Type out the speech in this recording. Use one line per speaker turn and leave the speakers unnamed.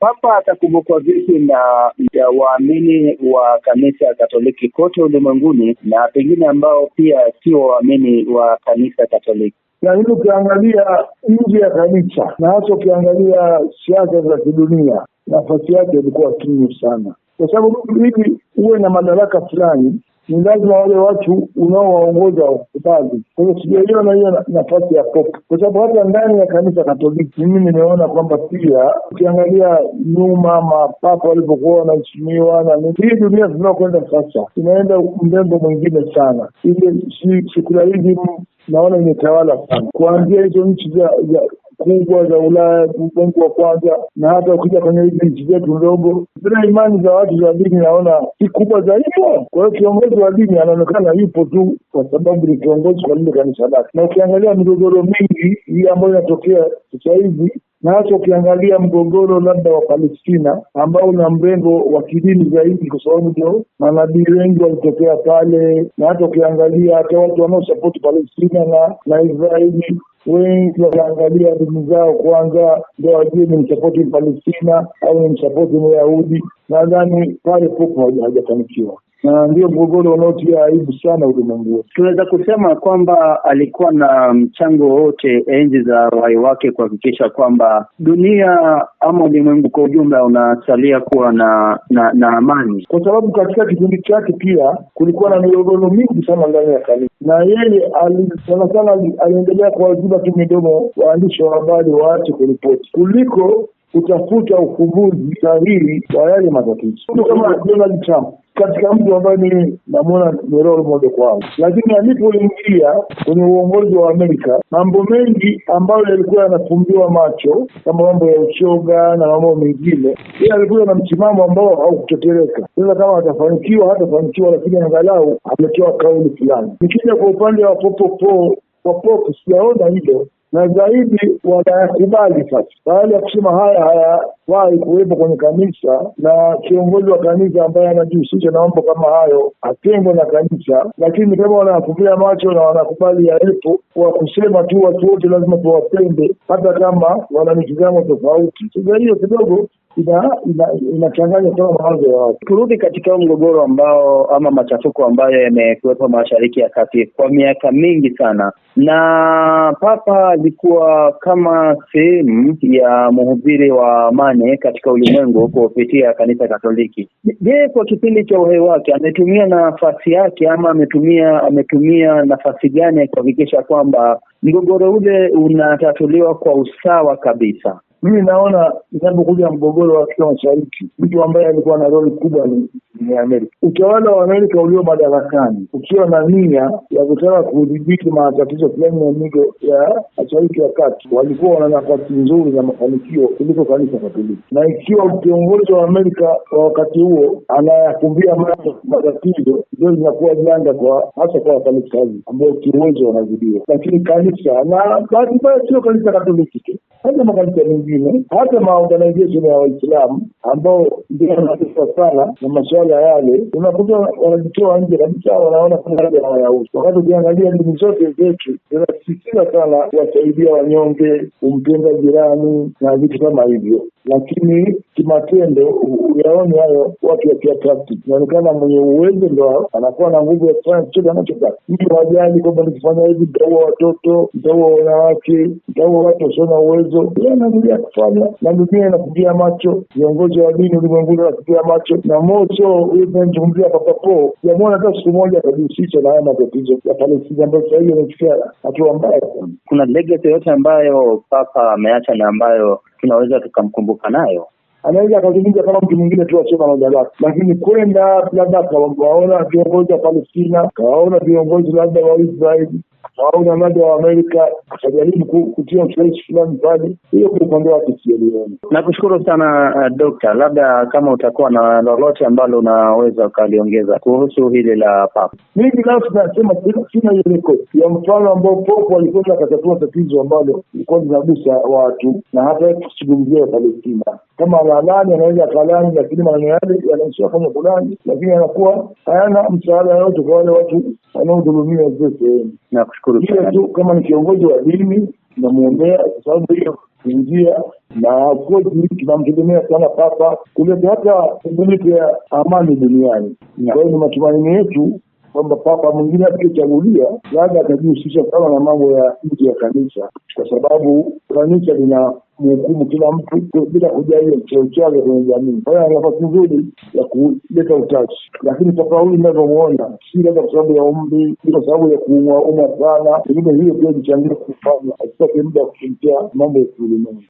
Papa atakumbukwa vipi na waamini wa kanisa Katoliki kote ulimwenguni na pengine ambao pia sio waamini wa kanisa Katoliki?
Lakini ukiangalia nje ya kanisa na hasa ukiangalia siasa za kidunia, nafasi yake ilikuwa kinyu sana, kwa sababu ili uwe na madaraka fulani ni lazima wale watu unaowaongoza wakubali. Kwa hiyo sijaiona na hiyo nafasi ya pop, kwa sababu hata ndani ya kanisa Katoliki mimi nimeona kwamba pia ukiangalia nyuma mapapa walivyokuwa wanaheshimiwa na hii dunia tunaokwenda sasa inaenda mrembo mwingine sana, ile sikula naona imetawala sana, kuanzia hizo nchi za kubwa za Ulaya, mungu wa kwanza, na hata ukija kwenye hizi nchi zetu ndogo, zile imani za watu za dini naona si kubwa zaidi. Kwa hiyo kiongozi wa dini anaonekana yupo tu kwa sababu ni kiongozi kwa lile kanisa lake, na ukiangalia migogoro mingi hii ambayo inatokea sasa hivi na hasa ukiangalia mgogoro labda wa Palestina ambao una mrengo wa kidini zaidi, kwa sababu ndio manabii wengi walitokea pale, na hata ukiangalia hata watu wanaosapoti Palestina na na Israeli wengi wanaangalia ndugu zao kwanza, ndio wajue ni msapoti Mpalestina au ni msapoti Myahudi. Nadhani pale popo hajafanikiwa na ndio mgogoro unaotia aibu sana ulimwengu.
Tunaweza kusema kwamba alikuwa na mchango wowote enzi za uhai wake kuhakikisha kwamba dunia ama ulimwengu kwa ujumla unasalia kuwa na na, na amani,
kwa sababu katika kipindi chake pia kulikuwa na migogoro mingi sana ndani ya kanisa, na yeye sana sana aliendelea kuwaziba tu midomo waandishi wa habari waache kuripoti kuliko kutafuta ufumbuzi sahihi wa yale matatizo. Kama Donald Trump katika mtu ambaye mimi namwona ni role model kwangu, lakini alipoingia kwenye uongozi wa Amerika, mambo mengi ambayo yalikuwa yanafumbiwa macho kama mambo ya uchoga na mambo mengine, yeye alikuwa na msimamo ambao haukutetereka. Sasa kama atafanikiwa hatafanikiwa, lakini angalau ametoa kauli fulani. Nikija kwa upande wa popopo kwa pop, sijaona hilo na zaidi wanayakubali sasa, baada ya kusema haya hayawahi kuwepo kwenye kanisa, na kiongozi wa kanisa ambaye anajihusisha na mambo kama hayo atengwe na kanisa, lakini kama wanayafumbia macho na wanakubali yawepo, wa kusema tu watu wote lazima tuwapende, hata kama wana mitizamo tofauti. Sasa hiyo kidogo inachanganya sana mawazo ya watu.
Turudi katika mgogoro ambao ama machafuko ambayo yamekuwepo mashariki ya kati kwa miaka mingi sana, na Papa alikuwa kama sehemu ya mhubiri wa amani katika ulimwengu kupitia kanisa Katoliki. Je, kwa kipindi cha uhai wake ametumia nafasi yake ama ametumia ametumia nafasi gani ya kuhakikisha kwamba mgogoro ule unatatuliwa kwa usawa kabisa?
Mimi naona inapokuja mgogoro wa Afrika Mashariki, mtu ambaye alikuwa na roli kubwa ni Amerika. Utawala wa Amerika ulio madarakani ukiwa na nia ya kutaka kudhibiti matatizo fulani ya migo ya mashariki ya kati, walikuwa wana nafasi nzuri na mafanikio kuliko kanisa Katoliki, na ikiwa kiongozi wa Amerika wa wakati huo anayakumbia macho matatizo, ndio linakuwa janga kwa hasa kwa wafanyikazi ambao kiuwezo wanazidiwa, lakini kanisa na bahati mbaya sio kanisa Katoliki tu hata makanisa mengine, hata maorganization ya Waislamu ambao ndio wanatesa sana na masuala yale, unakuta wanajitoa nje kabisa, wanaona kuna na wakati ukiangalia dini zote zetu zinasisitiza sana kuwasaidia wanyonge, kumpenda jirani na vitu kama hivyo lakini kimatendo uyaoni hayo watu wakia practice. Inaonekana mwenye uwezo ndo anakuwa na nguvu ya kufanya chochote anachotaka. Mtu hawajali kwamba nikifanya hivi nitaua watoto, nitaua wanawake, nitaua watu wasio na uwezo. Yeye anaendelea kufanya na dunia inakupia macho, viongozi wa dini ulimwenguni wanapigia macho na moso. unazungumzia tunamzungumzia Papapo jamwona hata siku moja akajihusisha na haya matatizo ya Palestina ambayo sasa hivi amefikia hatua mbaya sana.
Kuna legacy yoyote ambayo Papa ameacha na ambayo tunaweza tukamkumbuka nayo
anaweza akazungumza kama mtu mwingine tu asema moja lake, lakini kwenda labda akawaona viongozi wa Palestina, kawaona viongozi labda wa Israeli, au na mada wa Amerika kutajaribu kutia ushawishi fulani pale, hiyo kwa upande wake sielioni.
Nakushukuru sana uh, Dokta, labda kama utakuwa na lolote ambalo unaweza ukaliongeza kuhusu hili la papa.
Mi binafsi nasema sina hiyo rekodi ya mfano ambao popo alikwenda akatatua tatizo ambalo ilikuwa linagusa watu na hata kushughulikia Palestina kama analani anaweza kalani, lakini maneno yale yanaishia kwenye fulani, lakini anakuwa hayana msaada yote kwa wale watu wanaodhulumiwa zile sehemu. Nakushukuru sana tu, kama ni kiongozi wa dini namwombea, kwa sababu hiyo njia na kweli tunamtegemea sana Papa kuleta hata ubunifu ya amani duniani. Kwa hiyo ni matumaini yetu kwamba papa mwingine akichagulia labda atajihusisha sana na mambo ya nje ya kanisa, kwa sababu kanisa lina kumhukumu kila mtu bila kujali cheo chake kwenye jamii. Kwa hiyo ana nafasi nzuri ya kuleta utashi, lakini tofauti inavyomuona si labda kwa sababu ya umri, si kwa sababu ya umwa sana. Pengine hiyo pia ichangia kufanya asipate muda wa kufikia mambo ya kiulimwengu.